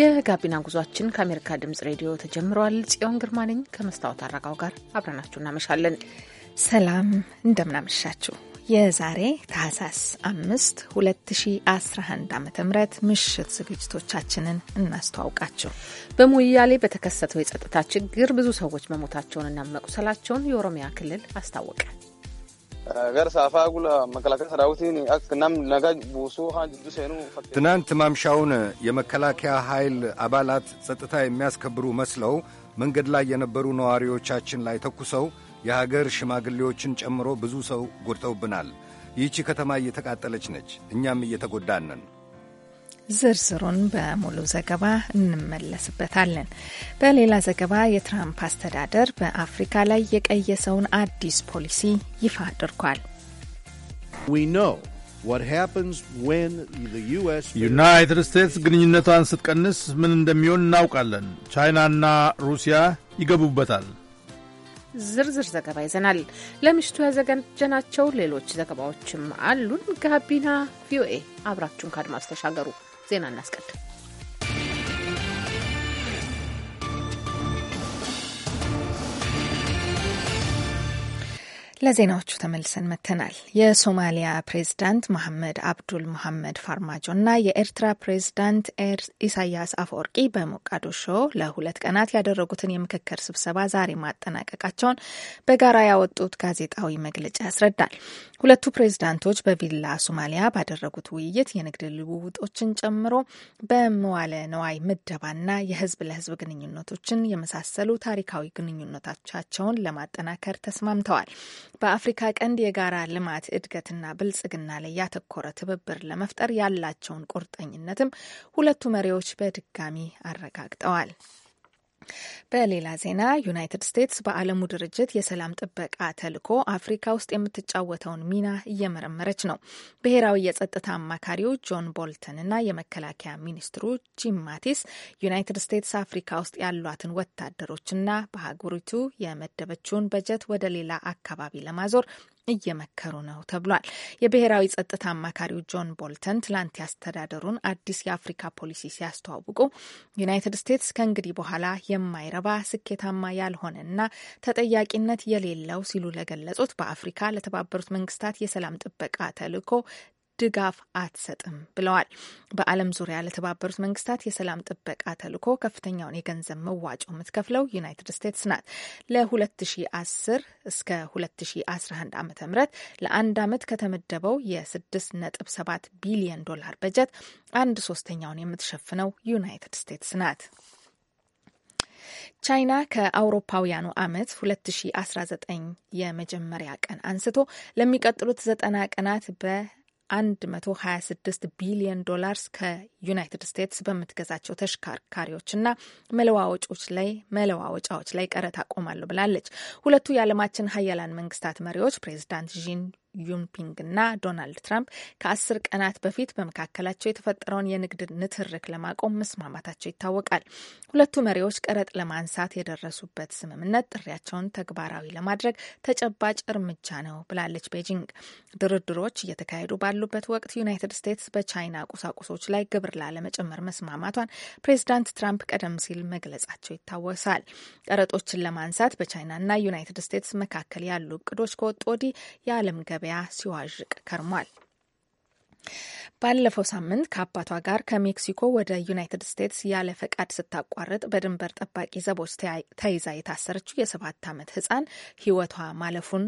የጋቢና ጉዟችን ከአሜሪካ ድምጽ ሬዲዮ ተጀምረዋል። ጽዮን ግርማ ነኝ ከመስታወት አረጋው ጋር አብረናችሁ እናመሻለን። ሰላም እንደምናመሻችሁ። የዛሬ ታህሳስ አምስት 2011 ዓ ም ምሽት ዝግጅቶቻችንን እናስተዋውቃችሁ። በሙያሌ በተከሰተው የጸጥታ ችግር ብዙ ሰዎች መሞታቸውንና መቁሰላቸውን የኦሮሚያ ክልል አስታወቀ። ትናንት ማምሻውን የመከላከያ ኃይል አባላት ጸጥታ የሚያስከብሩ መስለው መንገድ ላይ የነበሩ ነዋሪዎቻችን ላይ ተኩሰው የሀገር ሽማግሌዎችን ጨምሮ ብዙ ሰው ጎድተውብናል። ይህቺ ከተማ እየተቃጠለች ነች። እኛም እየተጎዳን ዝርዝሩን በሙሉ ዘገባ እንመለስበታለን። በሌላ ዘገባ የትራምፕ አስተዳደር በአፍሪካ ላይ የቀየሰውን አዲስ ፖሊሲ ይፋ አድርጓል። ዩናይትድ ስቴትስ ግንኙነቷን ስትቀንስ ምን እንደሚሆን እናውቃለን። ቻይናና ሩሲያ ይገቡበታል። ዝርዝር ዘገባ ይዘናል። ለምሽቱ ያዘጋጀናቸው ሌሎች ዘገባዎችም አሉን። ጋቢና ቪኦኤ አብራችሁን ከአድማስ ተሻገሩ። ዜና እናስቀድም። ለዜናዎቹ ተመልሰን መተናል። የሶማሊያ ፕሬዝዳንት መሐመድ አብዱል መሐመድ ፋርማጆና የኤርትራ ፕሬዝዳንት ኢሳያስ አፈወርቂ በሞቃዲሾ ለሁለት ቀናት ያደረጉትን የምክክር ስብሰባ ዛሬ ማጠናቀቃቸውን በጋራ ያወጡት ጋዜጣዊ መግለጫ ያስረዳል። ሁለቱ ፕሬዝዳንቶች በቪላ ሶማሊያ ባደረጉት ውይይት የንግድ ልውውጦችን ጨምሮ በመዋለ ነዋይ ምደባና የህዝብ ለህዝብ ግንኙነቶችን የመሳሰሉ ታሪካዊ ግንኙነቶቻቸውን ለማጠናከር ተስማምተዋል። በአፍሪካ ቀንድ የጋራ ልማት እድገትና ብልጽግና ላይ ያተኮረ ትብብር ለመፍጠር ያላቸውን ቁርጠኝነትም ሁለቱ መሪዎች በድጋሚ አረጋግጠዋል። በሌላ ዜና ዩናይትድ ስቴትስ በዓለሙ ድርጅት የሰላም ጥበቃ ተልዕኮ አፍሪካ ውስጥ የምትጫወተውን ሚና እየመረመረች ነው። ብሔራዊ የጸጥታ አማካሪው ጆን ቦልተን እና የመከላከያ ሚኒስትሩ ጂም ማቲስ ዩናይትድ ስቴትስ አፍሪካ ውስጥ ያሏትን ወታደሮችና በሀገሪቱ የመደበችውን በጀት ወደ ሌላ አካባቢ ለማዞር እየመከሩ ነው ተብሏል። የብሔራዊ ጸጥታ አማካሪው ጆን ቦልተን ትላንት ያስተዳደሩን አዲስ የአፍሪካ ፖሊሲ ሲያስተዋውቁ ዩናይትድ ስቴትስ ከእንግዲህ በኋላ የማይረባ ስኬታማ ያልሆነና ተጠያቂነት የሌለው ሲሉ ለገለጹት በአፍሪካ ለተባበሩት መንግስታት የሰላም ጥበቃ ተልዕኮ ድጋፍ አትሰጥም ብለዋል። በዓለም ዙሪያ ለተባበሩት መንግስታት የሰላም ጥበቃ ተልዕኮ ከፍተኛውን የገንዘብ መዋጮ የምትከፍለው ዩናይትድ ስቴትስ ናት። ለ2010 እስከ 2011 ዓ ም ለአንድ ዓመት ከተመደበው የ6.7 ቢሊዮን ዶላር በጀት አንድ ሶስተኛውን የምትሸፍነው ዩናይትድ ስቴትስ ናት። ቻይና ከአውሮፓውያኑ ዓመት 2019 የመጀመሪያ ቀን አንስቶ ለሚቀጥሉት ዘጠና ቀናት በ 126 ቢሊዮን ዶላርስ ከ ዩናይትድ ስቴትስ በምትገዛቸው ተሽከርካሪዎችና መለዋወጫዎች ላይ መለዋወጫዎች ላይ ቀረጥ አቆማለሁ ብላለች። ሁለቱ የዓለማችን ሀያላን መንግስታት መሪዎች ፕሬዚዳንት ዢን ዩንፒንግ እና ዶናልድ ትራምፕ ከአስር ቀናት በፊት በመካከላቸው የተፈጠረውን የንግድ ንትርክ ለማቆም መስማማታቸው ይታወቃል። ሁለቱ መሪዎች ቀረጥ ለማንሳት የደረሱበት ስምምነት ጥሪያቸውን ተግባራዊ ለማድረግ ተጨባጭ እርምጃ ነው ብላለች ቤጂንግ። ድርድሮች እየተካሄዱ ባሉበት ወቅት ዩናይትድ ስቴትስ በቻይና ቁሳቁሶች ላይ ግብር ጠላ ለመጨመር መስማማቷን ፕሬዚዳንት ትራምፕ ቀደም ሲል መግለጻቸው ይታወሳል። ቀረጦችን ለማንሳት በቻይናና ዩናይትድ ስቴትስ መካከል ያሉ እቅዶች ከወጡ ወዲህ የዓለም ገበያ ሲዋዥቅ ከርሟል። ባለፈው ሳምንት ከአባቷ ጋር ከሜክሲኮ ወደ ዩናይትድ ስቴትስ ያለ ፈቃድ ስታቋርጥ በድንበር ጠባቂ ዘቦች ተይዛ የታሰረችው የሰባት ዓመት ህጻን ህይወቷ ማለፉን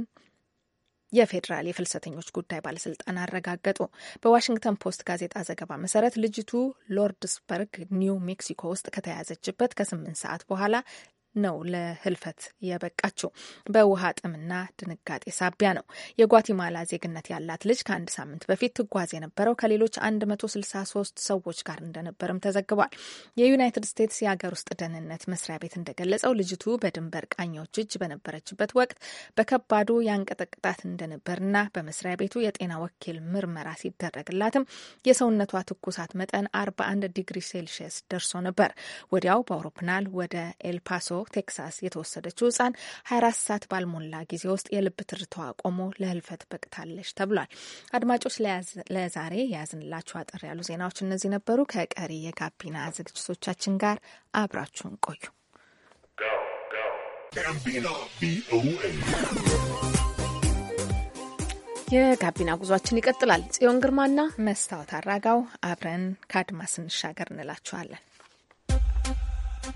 የፌዴራል የፍልሰተኞች ጉዳይ ባለስልጣን አረጋገጡ። በዋሽንግተን ፖስት ጋዜጣ ዘገባ መሰረት ልጅቱ ሎርድስበርግ ኒው ሜክሲኮ ውስጥ ከተያዘችበት ከስምንት ሰዓት በኋላ ነው ለህልፈት የበቃችው። በውሃ ጥምና ድንጋጤ ሳቢያ ነው። የጓቲማላ ዜግነት ያላት ልጅ ከአንድ ሳምንት በፊት ትጓዝ የነበረው ከሌሎች 163 ሰዎች ጋር እንደነበርም ተዘግቧል። የዩናይትድ ስቴትስ የሀገር ውስጥ ደህንነት መስሪያ ቤት እንደገለጸው ልጅቱ በድንበር ቃኞች እጅ በነበረችበት ወቅት በከባዱ ያንቀጠቅጣት እንደነበርና በመስሪያ ቤቱ የጤና ወኪል ምርመራ ሲደረግላትም የሰውነቷ ትኩሳት መጠን 41 ዲግሪ ሴልሺየስ ደርሶ ነበር። ወዲያው በአውሮፕላን ወደ ኤልፓሶ ቴክሳስ የተወሰደችው ህጻን 24 ሰዓት ባልሞላ ጊዜ ውስጥ የልብ ትርቷ ቆሞ ለህልፈት በቅታለች ተብሏል። አድማጮች ለዛሬ የያዝንላችሁ አጠር ያሉ ዜናዎች እነዚህ ነበሩ። ከቀሪ የጋቢና ዝግጅቶቻችን ጋር አብራችሁን ቆዩ። የጋቢና ጉዟችን ይቀጥላል። ጽዮን ግርማና መስታወት አራጋው አብረን ከአድማስ እንሻገር እንላችኋለን።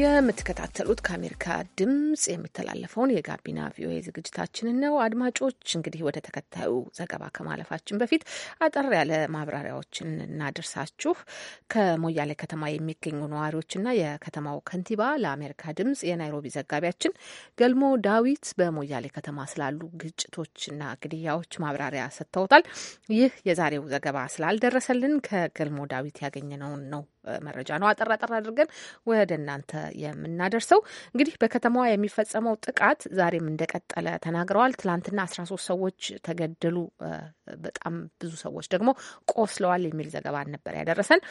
የምትከታተሉት ከአሜሪካ ድምጽ የሚተላለፈውን የጋቢና ቪኦኤ ዝግጅታችንን ነው። አድማጮች እንግዲህ ወደ ተከታዩ ዘገባ ከማለፋችን በፊት አጠር ያለ ማብራሪያዎችን እናደርሳችሁ። ከሞያሌ ከተማ የሚገኙ ነዋሪዎችና የከተማው ከንቲባ ለአሜሪካ ድምጽ የናይሮቢ ዘጋቢያችን ገልሞ ዳዊት በሞያሌ ከተማ ስላሉ ግጭቶችና ግድያዎች ማብራሪያ ሰጥተውታል። ይህ የዛሬው ዘገባ ስላልደረሰልን ከገልሞ ዳዊት ያገኘነውን ነው መረጃ ነው። አጠር አጠር አድርገን ወደ እናንተ የምናደርሰው እንግዲህ በከተማዋ የሚፈጸመው ጥቃት ዛሬም እንደቀጠለ ተናግረዋል። ትላንትና አስራ ሶስት ሰዎች ተገደሉ፣ በጣም ብዙ ሰዎች ደግሞ ቆስለዋል የሚል ዘገባ ነበር ያደረሰን።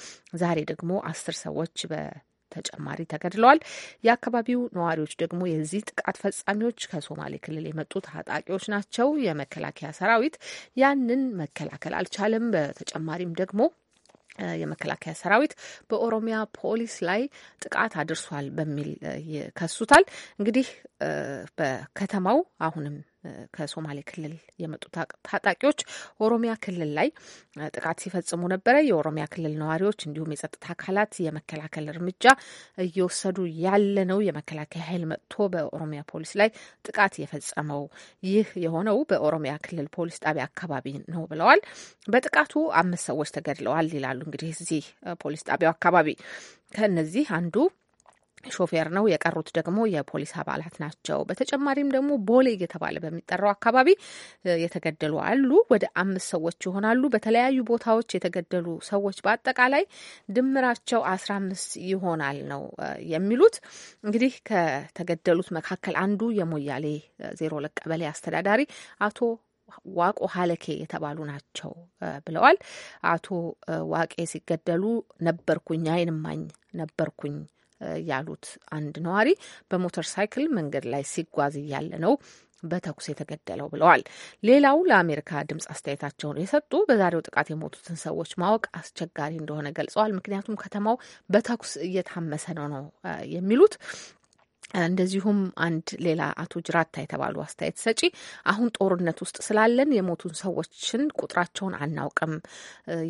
ዛሬ ደግሞ አስር ሰዎች በተጨማሪ ተገድለዋል። የአካባቢው ነዋሪዎች ደግሞ የዚህ ጥቃት ፈጻሚዎች ከሶማሌ ክልል የመጡ ታጣቂዎች ናቸው። የመከላከያ ሰራዊት ያንን መከላከል አልቻለም። በተጨማሪም ደግሞ የመከላከያ ሰራዊት በኦሮሚያ ፖሊስ ላይ ጥቃት አድርሷል በሚል ይከሱታል። እንግዲህ በከተማው አሁንም ከሶማሌ ክልል የመጡ ታጣቂዎች ኦሮሚያ ክልል ላይ ጥቃት ሲፈጽሙ ነበረ። የኦሮሚያ ክልል ነዋሪዎች እንዲሁም የጸጥታ አካላት የመከላከል እርምጃ እየወሰዱ ያለ ነው። የመከላከያ ኃይል መጥቶ በኦሮሚያ ፖሊስ ላይ ጥቃት የፈጸመው ይህ የሆነው በኦሮሚያ ክልል ፖሊስ ጣቢያ አካባቢ ነው ብለዋል። በጥቃቱ አምስት ሰዎች ተገድለዋል ይላሉ። እንግዲህ እዚህ ፖሊስ ጣቢያው አካባቢ ከእነዚህ አንዱ ሾፌር ነው። የቀሩት ደግሞ የፖሊስ አባላት ናቸው። በተጨማሪም ደግሞ ቦሌ እየተባለ በሚጠራው አካባቢ የተገደሉ አሉ። ወደ አምስት ሰዎች ይሆናሉ። በተለያዩ ቦታዎች የተገደሉ ሰዎች በአጠቃላይ ድምራቸው አስራ አምስት ይሆናል ነው የሚሉት። እንግዲህ ከተገደሉት መካከል አንዱ የሞያሌ ዜሮ ሁለት ቀበሌ አስተዳዳሪ አቶ ዋቆ ሀለኬ የተባሉ ናቸው ብለዋል። አቶ ዋቄ ሲገደሉ ነበርኩኝ፣ አይን እማኝ ነበርኩኝ ያሉት አንድ ነዋሪ በሞተር ሳይክል መንገድ ላይ ሲጓዝ እያለ ነው በተኩስ የተገደለው ብለዋል። ሌላው ለአሜሪካ ድምጽ አስተያየታቸውን የሰጡ በዛሬው ጥቃት የሞቱትን ሰዎች ማወቅ አስቸጋሪ እንደሆነ ገልጸዋል። ምክንያቱም ከተማው በተኩስ እየታመሰ ነው ነው የሚሉት እንደዚሁም አንድ ሌላ አቶ ጅራታ የተባሉ አስተያየት ሰጪ አሁን ጦርነት ውስጥ ስላለን የሞቱን ሰዎችን ቁጥራቸውን አናውቅም፣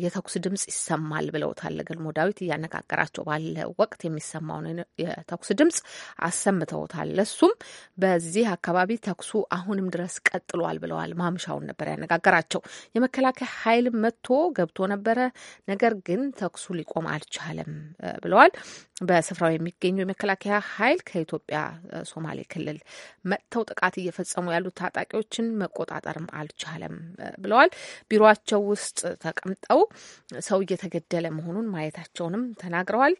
የተኩስ ድምጽ ይሰማል ብለውታል። ገልሞ ዳዊት እያነጋገራቸው ባለ ወቅት የሚሰማውን የተኩስ ድምጽ አሰምተውታል። ለሱም በዚህ አካባቢ ተኩሱ አሁንም ድረስ ቀጥሏል ብለዋል። ማምሻውን ነበር ያነጋገራቸው። የመከላከያ ኃይል መጥቶ ገብቶ ነበረ፣ ነገር ግን ተኩሱ ሊቆም አልቻለም ብለዋል። በስፍራው የሚገኘው የመከላከያ ኃይል ከኢትዮጵያ የኢትዮጵያ ሶማሌ ክልል መጥተው ጥቃት እየፈጸሙ ያሉት ታጣቂዎችን መቆጣጠርም አልቻለም ብለዋል። ቢሮቸው ውስጥ ተቀምጠው ሰው እየተገደለ መሆኑን ማየታቸውንም ተናግረዋል።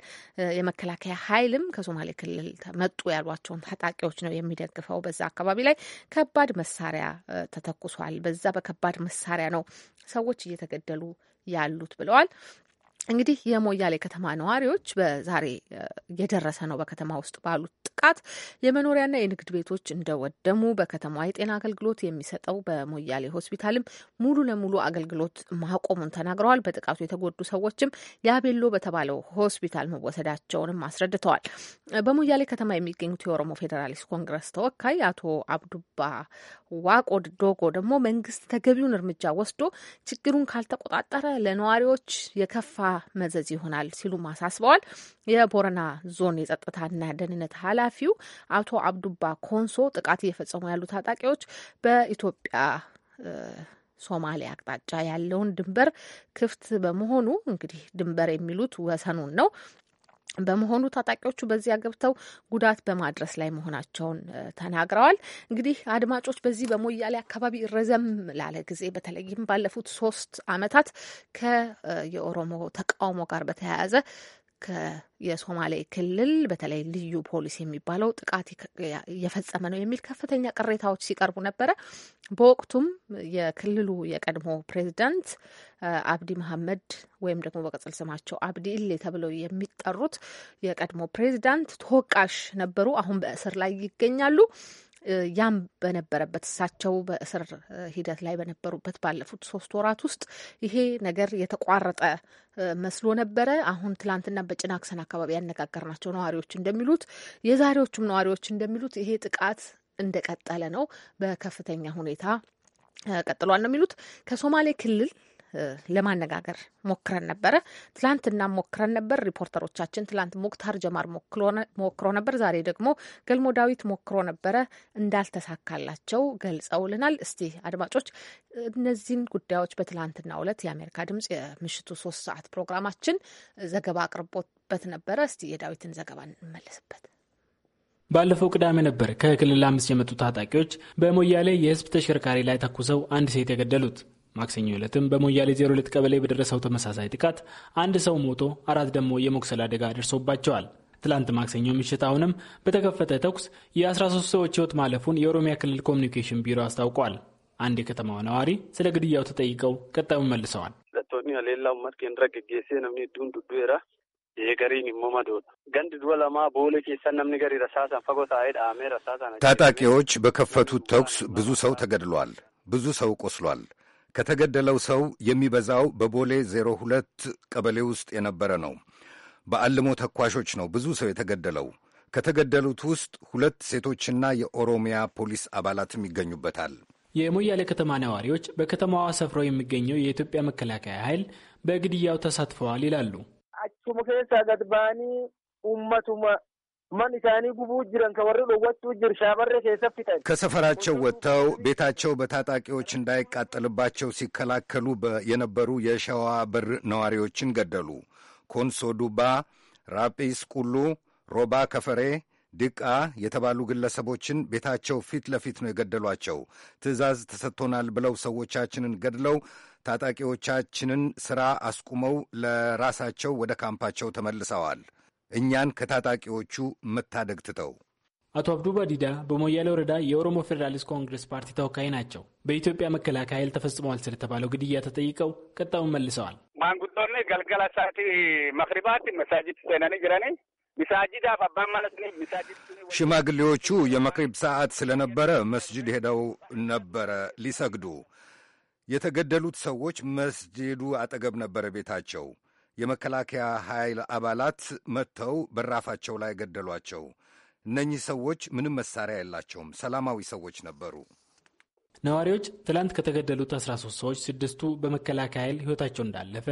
የመከላከያ ኃይልም ከሶማሌ ክልል መጡ ያሏቸውን ታጣቂዎች ነው የሚደግፈው። በዛ አካባቢ ላይ ከባድ መሳሪያ ተተኩሷል። በዛ በከባድ መሳሪያ ነው ሰዎች እየተገደሉ ያሉት ብለዋል። እንግዲህ የሞያሌ ከተማ ነዋሪዎች በዛሬ የደረሰ ነው በከተማ ውስጥ ባሉት ጥቃት የመኖሪያና የንግድ ቤቶች እንደወደሙ፣ በከተማዋ የጤና አገልግሎት የሚሰጠው በሞያሌ ሆስፒታልም ሙሉ ለሙሉ አገልግሎት ማቆሙን ተናግረዋል። በጥቃቱ የተጎዱ ሰዎችም ያቤሎ በተባለው ሆስፒታል መወሰዳቸውንም አስረድተዋል። በሞያሌ ከተማ የሚገኙት የኦሮሞ ፌዴራሊስት ኮንግረስ ተወካይ አቶ አብዱባ ዋቆ ዶጎ ደግሞ መንግስት ተገቢውን እርምጃ ወስዶ ችግሩን ካልተቆጣጠረ ለነዋሪዎች የከፋ መዘዝ ይሆናል ሲሉም አሳስበዋል። የቦረና ዞን የጸጥታና ደህንነት ኃላፊው አቶ አብዱባ ኮንሶ ጥቃት እየፈጸሙ ያሉ ታጣቂዎች በኢትዮጵያ ሶማሌ አቅጣጫ ያለውን ድንበር ክፍት በመሆኑ እንግዲህ ድንበር የሚሉት ወሰኑን ነው በመሆኑ ታጣቂዎቹ በዚያ ገብተው ጉዳት በማድረስ ላይ መሆናቸውን ተናግረዋል። እንግዲህ አድማጮች በዚህ በሞያሌ አካባቢ ረዘም ላለ ጊዜ በተለይም ባለፉት ሶስት ዓመታት ከየኦሮሞ ተቃውሞ ጋር በተያያዘ የሶማሌ ክልል በተለይ ልዩ ፖሊስ የሚባለው ጥቃት እየፈጸመ ነው የሚል ከፍተኛ ቅሬታዎች ሲቀርቡ ነበረ። በወቅቱም የክልሉ የቀድሞ ፕሬዚዳንት አብዲ መሐመድ ወይም ደግሞ በቅጽል ስማቸው አብዲ ኢሌ ተብለው የሚጠሩት የቀድሞ ፕሬዚዳንት ተወቃሽ ነበሩ። አሁን በእስር ላይ ይገኛሉ። ያም በነበረበት እሳቸው በእስር ሂደት ላይ በነበሩበት ባለፉት ሶስት ወራት ውስጥ ይሄ ነገር የተቋረጠ መስሎ ነበረ። አሁን ትላንትና በጭናክሰን አካባቢ ያነጋገርናቸው ነዋሪዎች እንደሚሉት የዛሬዎቹም ነዋሪዎች እንደሚሉት ይሄ ጥቃት እንደቀጠለ ነው፣ በከፍተኛ ሁኔታ ቀጥሏል ነው የሚሉት ከሶማሌ ክልል ለማነጋገር ሞክረን ነበረ። ትላንትና ሞክረን ነበር። ሪፖርተሮቻችን ትላንት ሙክታር ጀማር ሞክሮ ነበር። ዛሬ ደግሞ ገልሞ ዳዊት ሞክሮ ነበረ። እንዳልተሳካላቸው ገልጸውልናል። እስቲ አድማጮች እነዚህን ጉዳዮች በትላንትና ዕለት የአሜሪካ ድምጽ የምሽቱ ሶስት ሰዓት ፕሮግራማችን ዘገባ አቅርቦበት ነበረ። እስቲ የዳዊትን ዘገባ እንመለስበት። ባለፈው ቅዳሜ ነበር ከክልል አምስት የመጡ ታጣቂዎች በሞያሌ የህዝብ ተሽከርካሪ ላይ ተኩሰው አንድ ሴት የገደሉት። ማክሰኞ ዕለትም በሞያሌ 02 ቀበሌ በደረሰው ተመሳሳይ ጥቃት አንድ ሰው ሞቶ አራት ደግሞ የመቁሰል አደጋ ደርሶባቸዋል። ትላንት ማክሰኞ ምሽት አሁንም በተከፈተ ተኩስ የ13 ሰዎች ሕይወት ማለፉን የኦሮሚያ ክልል ኮሚኒኬሽን ቢሮ አስታውቋል። አንድ የከተማው ነዋሪ ስለ ግድያው ተጠይቀው ቀጣዩን መልሰዋል። ታጣቂዎች በከፈቱት ተኩስ ብዙ ሰው ተገድሏል፣ ብዙ ሰው ቆስሏል። ከተገደለው ሰው የሚበዛው በቦሌ 02 ቀበሌ ውስጥ የነበረ ነው። በአልሞ ተኳሾች ነው ብዙ ሰው የተገደለው። ከተገደሉት ውስጥ ሁለት ሴቶችና የኦሮሚያ ፖሊስ አባላትም ይገኙበታል። የሞያሌ ከተማ ነዋሪዎች በከተማዋ ሰፍረው የሚገኘው የኢትዮጵያ መከላከያ ኃይል በግድያው ተሳትፈዋል ይላሉ። አቹሙ ኬሳ ገድባኒ ኡመቱማ ማን ኢሳኒ ጉቡ ጅረን ከወረ ወጡ ጅር ሻበረ ከሰፍታል ከሰፈራቸው ወጥተው ቤታቸው በታጣቂዎች እንዳይቃጠልባቸው ሲከላከሉ የነበሩ የሸዋ በር ነዋሪዎችን ገደሉ። ኮንሶ ዱባ፣ ራጲስ ቁሉ፣ ሮባ ከፈሬ ድቃ የተባሉ ግለሰቦችን ቤታቸው ፊት ለፊት ነው የገደሏቸው። ትዕዛዝ ተሰጥቶናል ብለው ሰዎቻችንን ገድለው ታጣቂዎቻችንን ሥራ አስቁመው ለራሳቸው ወደ ካምፓቸው ተመልሰዋል። እኛን ከታጣቂዎቹ መታደግ ትተው። አቶ አብዱ ባዲዳ በሞያሌ ወረዳ የኦሮሞ ፌዴራሊስት ኮንግረስ ፓርቲ ተወካይ ናቸው። በኢትዮጵያ መከላከያ ኃይል ተፈጽመዋል ስለተባለው ግድያ ተጠይቀው ቀጣዩን መልሰዋል። ማንጉዶን ገልገላ ሳቲ መክሪባት መሳጅድ ሴናኒ ጅራኒ ሽማግሌዎቹ የመክሪብ ሰዓት ስለነበረ መስጅድ ሄደው ነበረ ሊሰግዱ። የተገደሉት ሰዎች መስጅዱ አጠገብ ነበረ ቤታቸው። የመከላከያ ኃይል አባላት መጥተው በራፋቸው ላይ ገደሏቸው። እነኚህ ሰዎች ምንም መሳሪያ የላቸውም፣ ሰላማዊ ሰዎች ነበሩ። ነዋሪዎች ትላንት ከተገደሉት 13 ሰዎች ስድስቱ በመከላከያ ኃይል ሕይወታቸው እንዳለፈ፣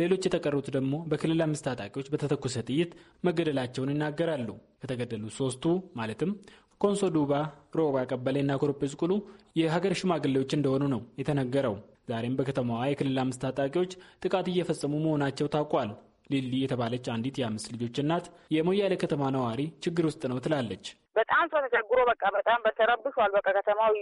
ሌሎች የተቀሩት ደግሞ በክልል አምስት ታጣቂዎች በተተኮሰ ጥይት መገደላቸውን ይናገራሉ። ከተገደሉት ሶስቱ ማለትም ኮንሶ ዱባ፣ ሮባ ቀበሌና ኮርጴስ ቁሉ የሀገር ሽማግሌዎች እንደሆኑ ነው የተነገረው። ዛሬም በከተማዋ የክልል አምስት ታጣቂዎች ጥቃት እየፈጸሙ መሆናቸው ታውቋል። ሊሊ የተባለች አንዲት የአምስት ልጆች እናት የሞያሌ ከተማ ነዋሪ ችግር ውስጥ ነው ትላለች። በጣም ሰው ተቸግሮ በቃ በጣም በተረብሿል። በቃ ከተማው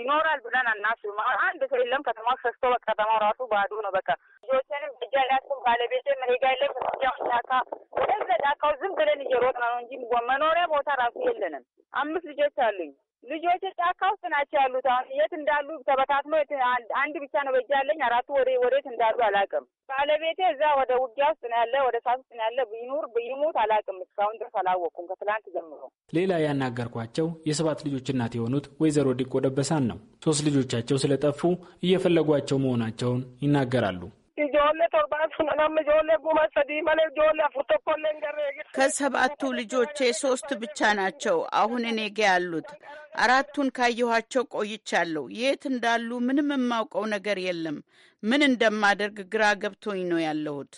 ይኖራል ብለን አናስብም። አንድ ሰው የለም። ከተማው ሸሽቶ በቃ ከተማው ራሱ ባዶ ነው። በቃ ልጆችንም እጃ ላያስኩም ባለቤት መሄጃ የለም። ስጃው ጫካ እዛ ጫካው ዝም ብለን እየሮጥ ነው እንጂ መኖሪያ ቦታ ራሱ የለንም። አምስት ልጆች አሉኝ። ልጆች ጫካ ውስጥ ናቸው ያሉት። አሁን የት እንዳሉ ተበታትኖ አንድ ብቻ ነው በእጅ ያለኝ። አራቱ ወደ ወዴት እንዳሉ አላውቅም። ባለቤቴ እዛ ወደ ውጊያ ውስጥ ነው ያለ፣ ወደ ሳት ውስጥ ነው ያለ። ይኑር ይሙት አላውቅም። እስካሁን ድረስ አላወቅኩም ከትላንት ጀምሮ። ሌላ ያናገርኳቸው የሰባት ልጆች እናት የሆኑት ወይዘሮ ዲቆ ደበሳን ነው። ሶስት ልጆቻቸው ስለጠፉ እየፈለጓቸው መሆናቸውን ይናገራሉ። ijoollee torbaatu nama ijoollee guma sadii malee ijoollee afur tokko ከሰባቱ ልጆቼ ሶስት ብቻ ናቸው አሁን እኔ ጋ ያሉት። አራቱን ካየኋቸው ቆይቻለሁ። የት እንዳሉ ምንም የማውቀው ነገር የለም። ምን እንደማደርግ ግራ ገብቶኝ ነው ያለሁት።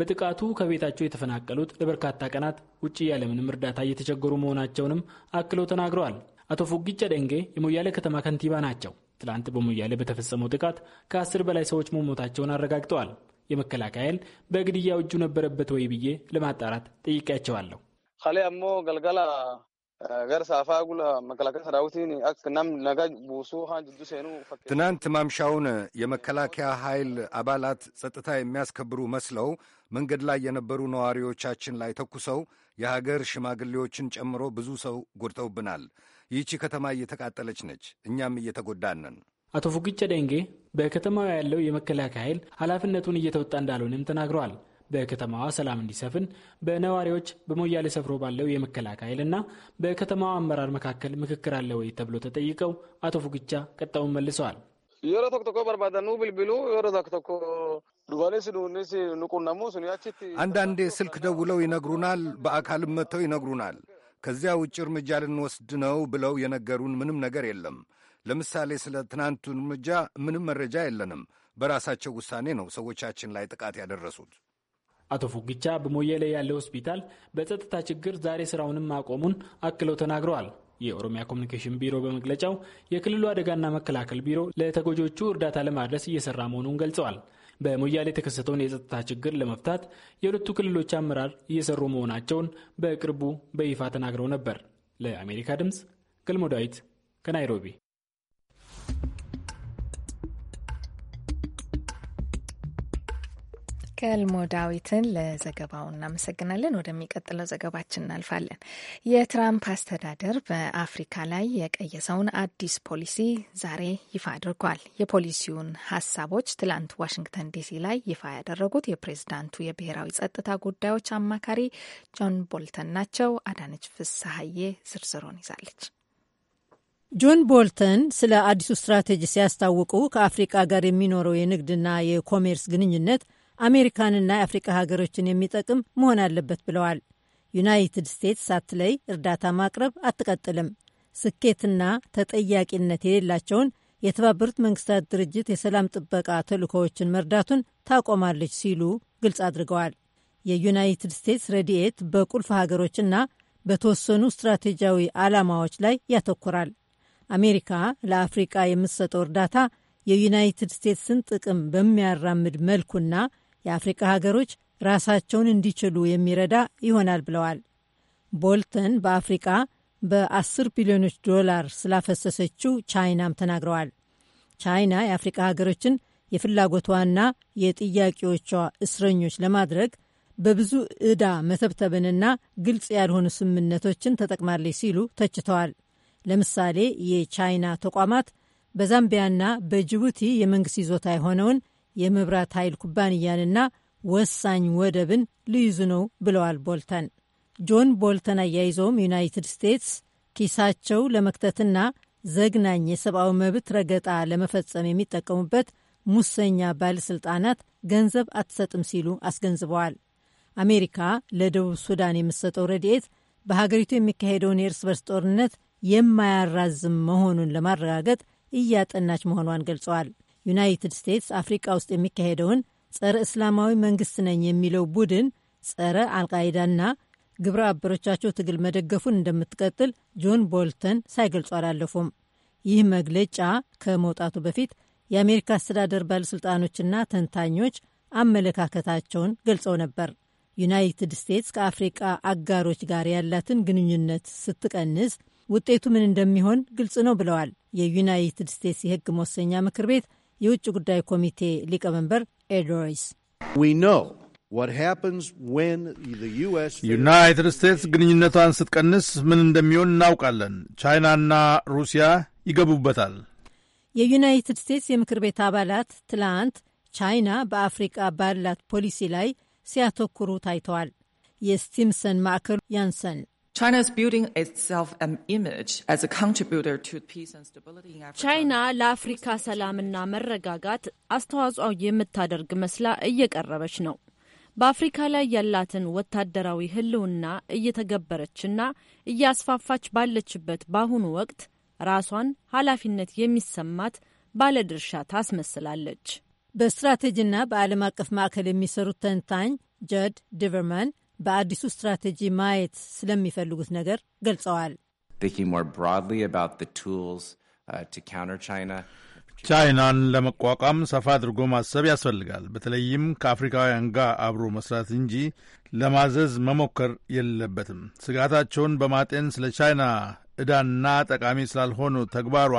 በጥቃቱ ከቤታቸው የተፈናቀሉት ለበርካታ ቀናት ውጭ ያለምንም እርዳታ እየተቸገሩ መሆናቸውንም አክለው ተናግረዋል። አቶ ፉጊቻ ደንጌ የሞያሌ ከተማ ከንቲባ ናቸው። ትላንት በሞያሌ በተፈጸመው ጥቃት ከአስር በላይ ሰዎች መሞታቸውን አረጋግጠዋል። የመከላከያ ኃይል በግድያው እጁ ነበረበት ወይ ብዬ ለማጣራት ጠይቄያቸዋለሁ። ሞ ገልገላ ትናንት ማምሻውን የመከላከያ ኃይል አባላት ጸጥታ የሚያስከብሩ መስለው መንገድ ላይ የነበሩ ነዋሪዎቻችን ላይ ተኩሰው የሀገር ሽማግሌዎችን ጨምሮ ብዙ ሰው ጎድተውብናል። ይህቺ ከተማ እየተቃጠለች ነች፣ እኛም እየተጎዳን ነን። አቶ ፉግቸ ደንጌ በከተማዋ ያለው የመከላከያ ኃይል ኃላፊነቱን እየተወጣ እንዳልሆነም ተናግረዋል። በከተማዋ ሰላም እንዲሰፍን በነዋሪዎች በሞያሌ ሰፍሮ ባለው የመከላከያ ኃይልና በከተማዋ አመራር መካከል ምክክር አለ ወይ ተብሎ ተጠይቀው አቶ ፉግቻ ቀጣውን መልሰዋል። የሮ ብልብሉ የሮ አንዳንዴ ስልክ ደውለው ይነግሩናል፣ በአካልም መጥተው ይነግሩናል። ከዚያ ውጭ እርምጃ ልንወስድ ነው ብለው የነገሩን ምንም ነገር የለም። ለምሳሌ ስለ ትናንቱ እርምጃ ምንም መረጃ የለንም። በራሳቸው ውሳኔ ነው ሰዎቻችን ላይ ጥቃት ያደረሱት። አቶ ፉጊቻ በሞየሌ ያለ ሆስፒታል በጸጥታ ችግር ዛሬ ስራውንም ማቆሙን አክለው ተናግረዋል። የኦሮሚያ ኮሚኒኬሽን ቢሮ በመግለጫው የክልሉ አደጋና መከላከል ቢሮ ለተጎጆቹ እርዳታ ለማድረስ እየሰራ መሆኑን ገልጸዋል። በሞያሌ የተከሰተውን የጸጥታ ችግር ለመፍታት የሁለቱ ክልሎች አመራር እየሰሩ መሆናቸውን በቅርቡ በይፋ ተናግረው ነበር። ለአሜሪካ ድምፅ ገልሞ ዳዊት ከናይሮቢ ገልሞ ዳዊትን ለዘገባው እናመሰግናለን። ወደሚቀጥለው ዘገባችን እናልፋለን። የትራምፕ አስተዳደር በአፍሪካ ላይ የቀየሰውን አዲስ ፖሊሲ ዛሬ ይፋ አድርጓል። የፖሊሲውን ሀሳቦች ትላንት ዋሽንግተን ዲሲ ላይ ይፋ ያደረጉት የፕሬዝዳንቱ የብሔራዊ ጸጥታ ጉዳዮች አማካሪ ጆን ቦልተን ናቸው። አዳነች ፍስሀዬ ዝርዝሩን ይዛለች። ጆን ቦልተን ስለ አዲሱ ስትራቴጂ ሲያስታውቁ ከአፍሪቃ ጋር የሚኖረው የንግድና የኮሜርስ ግንኙነት አሜሪካንና የአፍሪካ ሀገሮችን የሚጠቅም መሆን አለበት ብለዋል። ዩናይትድ ስቴትስ ሳትለይ እርዳታ ማቅረብ አትቀጥልም። ስኬትና ተጠያቂነት የሌላቸውን የተባበሩት መንግስታት ድርጅት የሰላም ጥበቃ ተልእኮዎችን መርዳቱን ታቆማለች ሲሉ ግልጽ አድርገዋል። የዩናይትድ ስቴትስ ረድኤት በቁልፍ ሀገሮችና በተወሰኑ ስትራቴጂያዊ ዓላማዎች ላይ ያተኩራል። አሜሪካ ለአፍሪቃ የምትሰጠው እርዳታ የዩናይትድ ስቴትስን ጥቅም በሚያራምድ መልኩና የአፍሪካ ሀገሮች ራሳቸውን እንዲችሉ የሚረዳ ይሆናል ብለዋል። ቦልተን በአፍሪቃ በ10 ቢሊዮኖች ዶላር ስላፈሰሰችው ቻይናም ተናግረዋል። ቻይና የአፍሪቃ ሀገሮችን የፍላጎቷና የጥያቄዎቿ እስረኞች ለማድረግ በብዙ ዕዳ መተብተብንና ግልጽ ያልሆኑ ስምምነቶችን ተጠቅማለች ሲሉ ተችተዋል። ለምሳሌ የቻይና ተቋማት በዛምቢያና በጅቡቲ የመንግሥት ይዞታ የሆነውን የመብራት ኃይል ኩባንያንና ወሳኝ ወደብን ሊይዙ ነው ብለዋል ቦልተን። ጆን ቦልተን አያይዘውም ዩናይትድ ስቴትስ ኪሳቸው ለመክተትና ዘግናኝ የሰብአዊ መብት ረገጣ ለመፈጸም የሚጠቀሙበት ሙሰኛ ባለሥልጣናት ገንዘብ አትሰጥም ሲሉ አስገንዝበዋል። አሜሪካ ለደቡብ ሱዳን የምትሰጠው ረድኤት በሀገሪቱ የሚካሄደውን የእርስ በርስ ጦርነት የማያራዝም መሆኑን ለማረጋገጥ እያጠናች መሆኗን ገልጸዋል። ዩናይትድ ስቴትስ አፍሪቃ ውስጥ የሚካሄደውን ጸረ እስላማዊ መንግስት ነኝ የሚለው ቡድን ጸረ አልቃይዳና ግብረ አበሮቻቸው ትግል መደገፉን እንደምትቀጥል ጆን ቦልተን ሳይገልጹ አላለፉም። ይህ መግለጫ ከመውጣቱ በፊት የአሜሪካ አስተዳደር ባለሥልጣኖችና ተንታኞች አመለካከታቸውን ገልጸው ነበር። ዩናይትድ ስቴትስ ከአፍሪቃ አጋሮች ጋር ያላትን ግንኙነት ስትቀንስ ውጤቱ ምን እንደሚሆን ግልጽ ነው ብለዋል የዩናይትድ ስቴትስ የህግ መወሰኛ ምክር ቤት የውጭ ጉዳይ ኮሚቴ ሊቀመንበር ኤድ ዩናይትድ ስቴትስ ግንኙነቷን ስትቀንስ ምን እንደሚሆን እናውቃለን። ቻይናና ሩሲያ ይገቡበታል። የዩናይትድ ስቴትስ የምክር ቤት አባላት ትላንት ቻይና በአፍሪቃ ባላት ፖሊሲ ላይ ሲያተኩሩ ታይተዋል። የስቲምሰን ማዕከሉ ያንሰን ቻይና ለአፍሪካ ሰላምና መረጋጋት አስተዋጽኦ የምታደርግ መስላ እየቀረበች ነው። በአፍሪካ ላይ ያላትን ወታደራዊ ሕልውና እየተገበረችና እያስፋፋች ባለችበት በአሁኑ ወቅት ራሷን ኃላፊነት የሚሰማት ባለድርሻ ታስመስላለች። በስትራቴጂና በዓለም አቀፍ ማዕከል የሚሰሩት ተንታኝ ጀድ ዲቨርማን በአዲሱ ስትራቴጂ ማየት ስለሚፈልጉት ነገር ገልጸዋል። uh, ቻይናን ለመቋቋም ሰፋ አድርጎ ማሰብ ያስፈልጋል። በተለይም ከአፍሪካውያን ጋር አብሮ መስራት እንጂ ለማዘዝ መሞከር የለበትም። ስጋታቸውን በማጤን ስለ ቻይና ዕዳና ጠቃሚ ስላልሆኑ ተግባሯ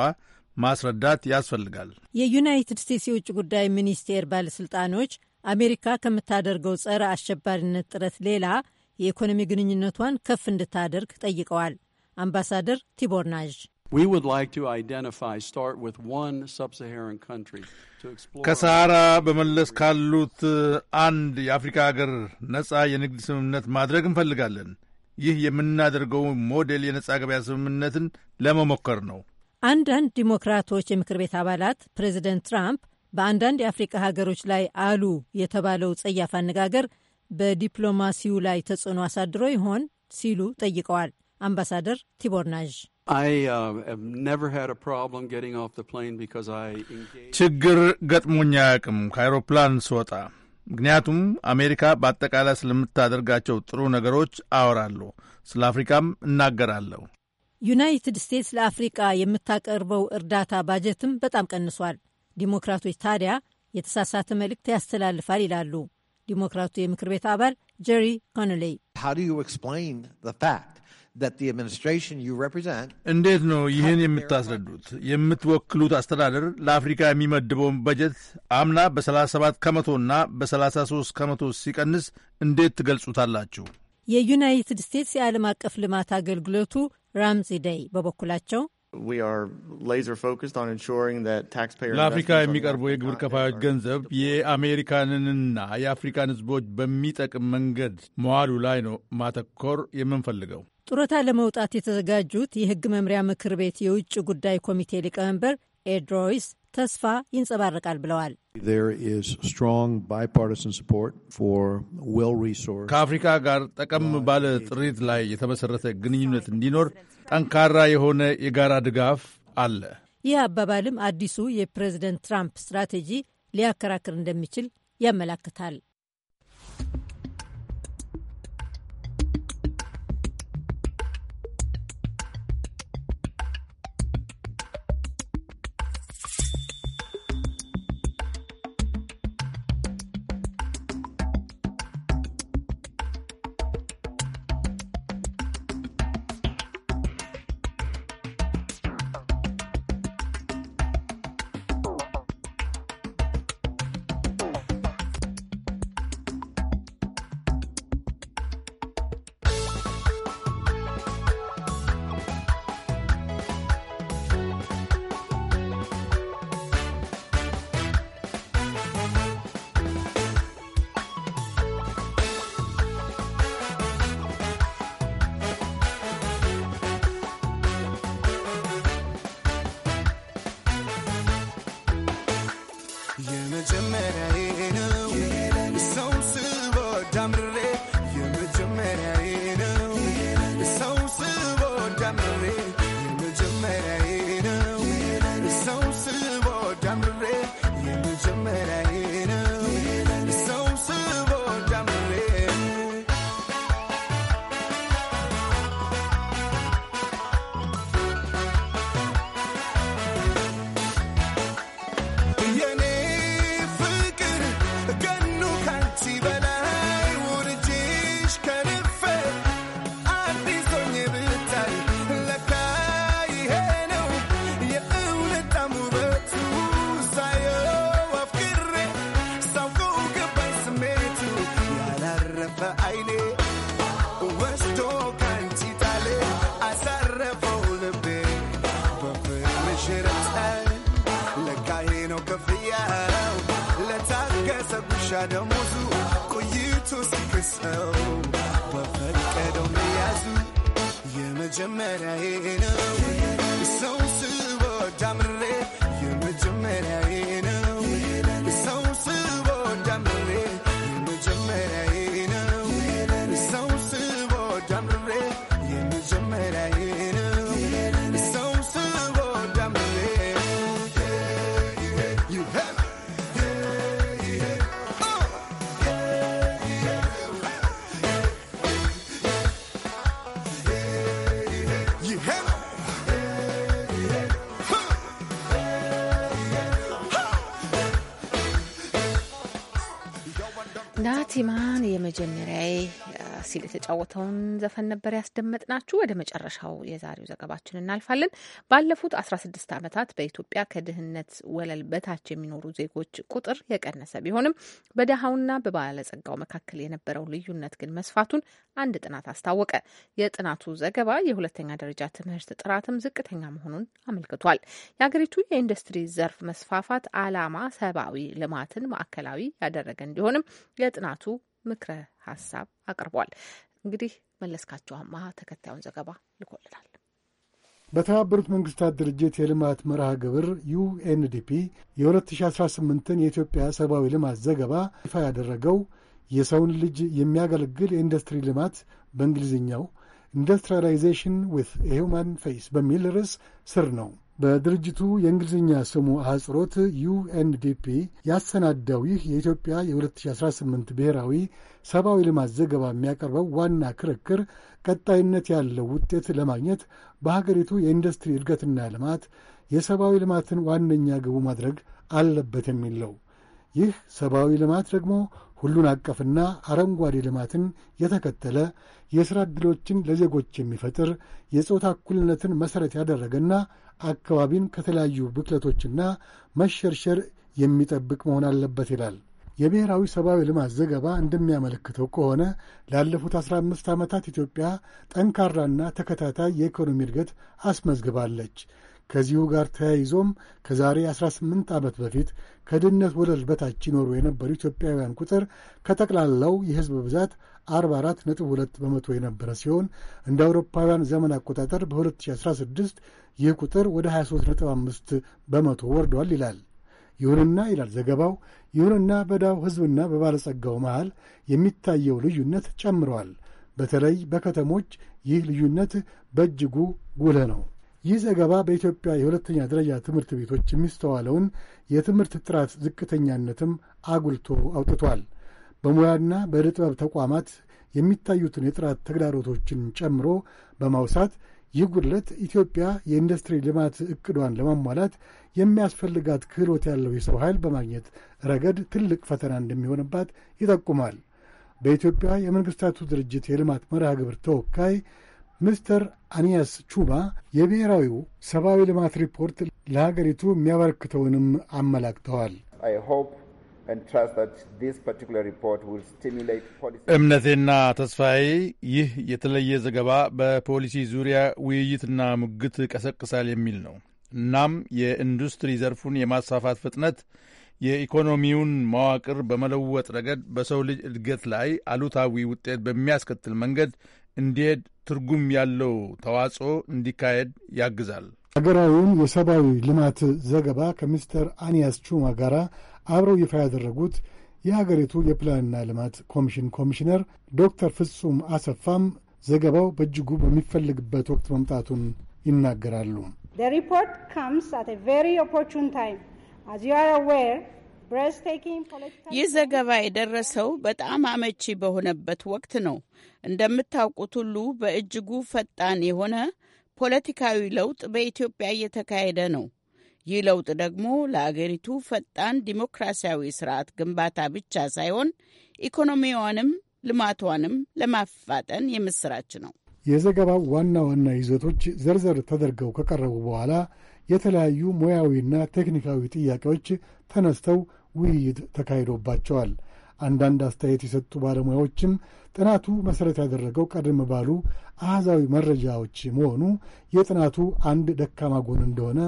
ማስረዳት ያስፈልጋል። የዩናይትድ ስቴትስ የውጭ ጉዳይ ሚኒስቴር ባለሥልጣኖች አሜሪካ ከምታደርገው ጸረ አሸባሪነት ጥረት ሌላ የኢኮኖሚ ግንኙነቷን ከፍ እንድታደርግ ጠይቀዋል። አምባሳደር ቲቦር ናዥ ከሰሃራ በመለስ ካሉት አንድ የአፍሪካ ሀገር ነጻ የንግድ ስምምነት ማድረግ እንፈልጋለን። ይህ የምናደርገው ሞዴል የነጻ ገበያ ስምምነትን ለመሞከር ነው። አንዳንድ ዲሞክራቶች የምክር ቤት አባላት ፕሬዚደንት ትራምፕ በአንዳንድ የአፍሪቃ ሀገሮች ላይ አሉ የተባለው ጸያፍ አነጋገር በዲፕሎማሲው ላይ ተጽዕኖ አሳድሮ ይሆን ሲሉ ጠይቀዋል አምባሳደር ቲቦር ናዥ። uh, ችግር ገጥሞኛ አያውቅም ከአይሮፕላን ስወጣ፣ ምክንያቱም አሜሪካ በአጠቃላይ ስለምታደርጋቸው ጥሩ ነገሮች አወራለሁ፣ ስለ አፍሪካም እናገራለሁ። ዩናይትድ ስቴትስ ለአፍሪቃ የምታቀርበው እርዳታ ባጀትም በጣም ቀንሷል። ዲሞክራቶች ታዲያ የተሳሳተ መልእክት ያስተላልፋል ይላሉ። ዲሞክራቱ የምክር ቤት አባል ጀሪ ኮነሌይ። እንዴት ነው ይህን የምታስረዱት? የምትወክሉት አስተዳደር ለአፍሪካ የሚመድበውን በጀት አምና በ37 ከመቶ እና በ33 ከመቶ ሲቀንስ እንዴት ትገልጹታላችሁ? የዩናይትድ ስቴትስ የዓለም አቀፍ ልማት አገልግሎቱ ራምዚ ደይ በበኩላቸው ለአፍሪካ የሚቀርበው የግብር ከፋዮች ገንዘብ የአሜሪካንንና የአፍሪካን ሕዝቦች በሚጠቅም መንገድ መዋሉ ላይ ነው ማተኮር የምንፈልገው። ጡረታ ለመውጣት የተዘጋጁት የሕግ መምሪያ ምክር ቤት የውጭ ጉዳይ ኮሚቴ ሊቀመንበር ኤድ ሮይስ ተስፋ ይንጸባረቃል ብለዋል። ከአፍሪካ ጋር ጠቀም ባለ ጥሪት ላይ የተመሰረተ ግንኙነት እንዲኖር ጠንካራ የሆነ የጋራ ድጋፍ አለ። ይህ አባባልም አዲሱ የፕሬዝደንት ትራምፕ ስትራቴጂ ሊያከራክር እንደሚችል ያመላክታል። to ደሞዙ ቆይቶ ሲከሰው በፈቀደው መያዙ የመጀመሪያዬ ነው። ሰው ስወድ አምሬ የመጀመሪያዬ ነው። የመጀመሪያዬ ሲል የተጫወተውን ዘፈን ነበር ያስደመጥናችሁ። ወደ መጨረሻው የዛሬው ዘገባችን እናልፋለን። ባለፉት 16 ዓመታት በኢትዮጵያ ከድህነት ወለል በታች የሚኖሩ ዜጎች ቁጥር የቀነሰ ቢሆንም በደሃውና በባለጸጋው መካከል የነበረው ልዩነት ግን መስፋቱን አንድ ጥናት አስታወቀ። የጥናቱ ዘገባ የሁለተኛ ደረጃ ትምህርት ጥራትም ዝቅተኛ መሆኑን አመልክቷል። የሀገሪቱ የኢንዱስትሪ ዘርፍ መስፋፋት ዓላማ ሰብአዊ ልማትን ማዕከላዊ ያደረገ እንዲሆንም የጥናቱ ምክረ ሀሳብ አቅርቧል። እንግዲህ መለስካቸው አማሃ ተከታዩን ዘገባ ልኮልናል። በተባበሩት መንግስታት ድርጅት የልማት መርሃ ግብር ዩኤንዲፒ የ2018ን የኢትዮጵያ ሰብአዊ ልማት ዘገባ ይፋ ያደረገው የሰውን ልጅ የሚያገለግል የኢንዱስትሪ ልማት በእንግሊዝኛው ኢንዱስትሪላይዜሽን ዊዝ ኤ ፌስ በሚል ርዕስ ስር ነው። በድርጅቱ የእንግሊዝኛ ስሙ አህጽሮት ዩኤንዲፒ ያሰናዳው ይህ የኢትዮጵያ የ2018 ብሔራዊ ሰብአዊ ልማት ዘገባ የሚያቀርበው ዋና ክርክር ቀጣይነት ያለው ውጤት ለማግኘት በሀገሪቱ የኢንዱስትሪ እድገትና ልማት የሰብአዊ ልማትን ዋነኛ ግቡ ማድረግ አለበት የሚል ነው። ይህ ሰብአዊ ልማት ደግሞ ሁሉን አቀፍና አረንጓዴ ልማትን የተከተለ የሥራ ዕድሎችን ለዜጎች የሚፈጥር የፆታ እኩልነትን መሠረት ያደረገና አካባቢን ከተለያዩ ብክለቶችና መሸርሸር የሚጠብቅ መሆን አለበት ይላል። የብሔራዊ ሰብአዊ ልማት ዘገባ እንደሚያመለክተው ከሆነ ላለፉት 15 ዓመታት ኢትዮጵያ ጠንካራና ተከታታይ የኢኮኖሚ እድገት አስመዝግባለች። ከዚሁ ጋር ተያይዞም ከዛሬ 18 ዓመት በፊት ከድህነት ወለል በታች ይኖሩ የነበሩ ኢትዮጵያውያን ቁጥር ከጠቅላላው የሕዝብ ብዛት 44.2 በመቶ የነበረ ሲሆን እንደ አውሮፓውያን ዘመን አቆጣጠር በ2016 ይህ ቁጥር ወደ 23.5 በመቶ ወርዷል ይላል። ይሁንና ይላል ዘገባው፣ ይሁንና በዳው ሕዝብና በባለጸጋው መሃል የሚታየው ልዩነት ጨምረዋል። በተለይ በከተሞች ይህ ልዩነት በእጅጉ ጉልህ ነው። ይህ ዘገባ በኢትዮጵያ የሁለተኛ ደረጃ ትምህርት ቤቶች የሚስተዋለውን የትምህርት ጥራት ዝቅተኛነትም አጉልቶ አውጥቷል። በሙያና በዕደ ጥበብ ተቋማት የሚታዩትን የጥራት ተግዳሮቶችን ጨምሮ በማውሳት ይህ ጉድለት ኢትዮጵያ የኢንዱስትሪ ልማት እቅዷን ለማሟላት የሚያስፈልጋት ክህሎት ያለው የሰው ኃይል በማግኘት ረገድ ትልቅ ፈተና እንደሚሆንባት ይጠቁማል። በኢትዮጵያ የመንግሥታቱ ድርጅት የልማት መርሃ ግብር ተወካይ ሚስተር አኒያስ ቹባ የብሔራዊው ሰብአዊ ልማት ሪፖርት ለሀገሪቱ የሚያበረክተውንም አመላክተዋል። እምነቴና ተስፋዬ ይህ የተለየ ዘገባ በፖሊሲ ዙሪያ ውይይትና ሙግት ቀሰቅሳል የሚል ነው። እናም የኢንዱስትሪ ዘርፉን የማስፋፋት ፍጥነት የኢኮኖሚውን መዋቅር በመለወጥ ረገድ በሰው ልጅ እድገት ላይ አሉታዊ ውጤት በሚያስከትል መንገድ እንዲሄድ ትርጉም ያለው ተዋጽኦ እንዲካሄድ ያግዛል። ሀገራዊውን የሰብአዊ ልማት ዘገባ ከሚስተር አኒያስ ቹማ ጋር አብረው ይፋ ያደረጉት የሀገሪቱ የፕላንና ልማት ኮሚሽን ኮሚሽነር ዶክተር ፍጹም አሰፋም ዘገባው በእጅጉ በሚፈልግበት ወቅት መምጣቱን ይናገራሉ። ይህ ዘገባ የደረሰው በጣም አመቺ በሆነበት ወቅት ነው። እንደምታውቁት ሁሉ በእጅጉ ፈጣን የሆነ ፖለቲካዊ ለውጥ በኢትዮጵያ እየተካሄደ ነው። ይህ ለውጥ ደግሞ ለአገሪቱ ፈጣን ዲሞክራሲያዊ ስርዓት ግንባታ ብቻ ሳይሆን ኢኮኖሚዋንም ልማቷንም ለማፋጠን የምስራች ነው። የዘገባው ዋና ዋና ይዘቶች ዘርዘር ተደርገው ከቀረቡ በኋላ የተለያዩ ሙያዊና ቴክኒካዊ ጥያቄዎች ተነስተው ውይይት ተካሂዶባቸዋል። አንዳንድ አስተያየት የሰጡ ባለሙያዎችም ጥናቱ መሠረት ያደረገው ቀደም ባሉ አሕዛዊ መረጃዎች መሆኑ የጥናቱ አንድ ደካማ ጎን እንደሆነ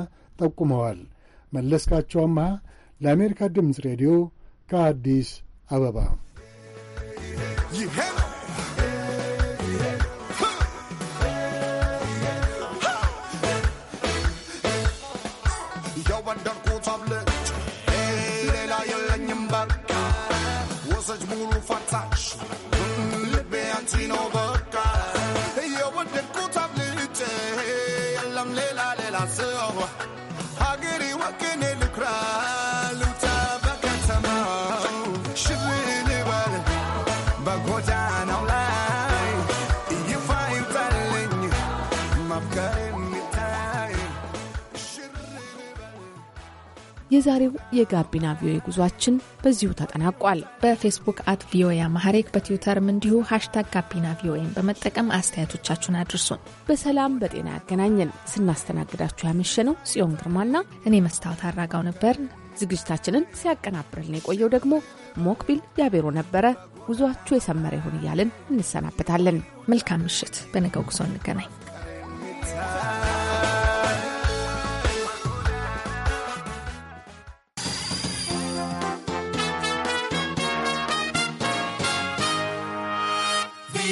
ጠቁመዋል። መለስካቸው አማሃ ለአሜሪካ ድምፅ ሬዲዮ ከአዲስ አበባ work. I get it working in the crowd. የዛሬው የጋቢና ቪኦኤ ጉዟችን በዚሁ ተጠናቋል። በፌስቡክ አት ቪኦኤ አማሐሬክ በትዊተርም እንዲሁ ሃሽታግ ጋቢና ቪኦኤን በመጠቀም አስተያየቶቻችሁን አድርሱን። በሰላም በጤና ያገናኘን። ስናስተናግዳችሁ ነው ጽዮን ግርማና እኔ መስታወት አራጋው ነበር። ዝግጅታችንን ሲያቀናብርልን የቆየው ደግሞ ሞክቢል ያቤሮ ነበረ። ጉዟችሁ የሰመረ ይሁን እያልን እንሰናበታለን። መልካም ምሽት። በነገው ጉዞ እንገናኝ።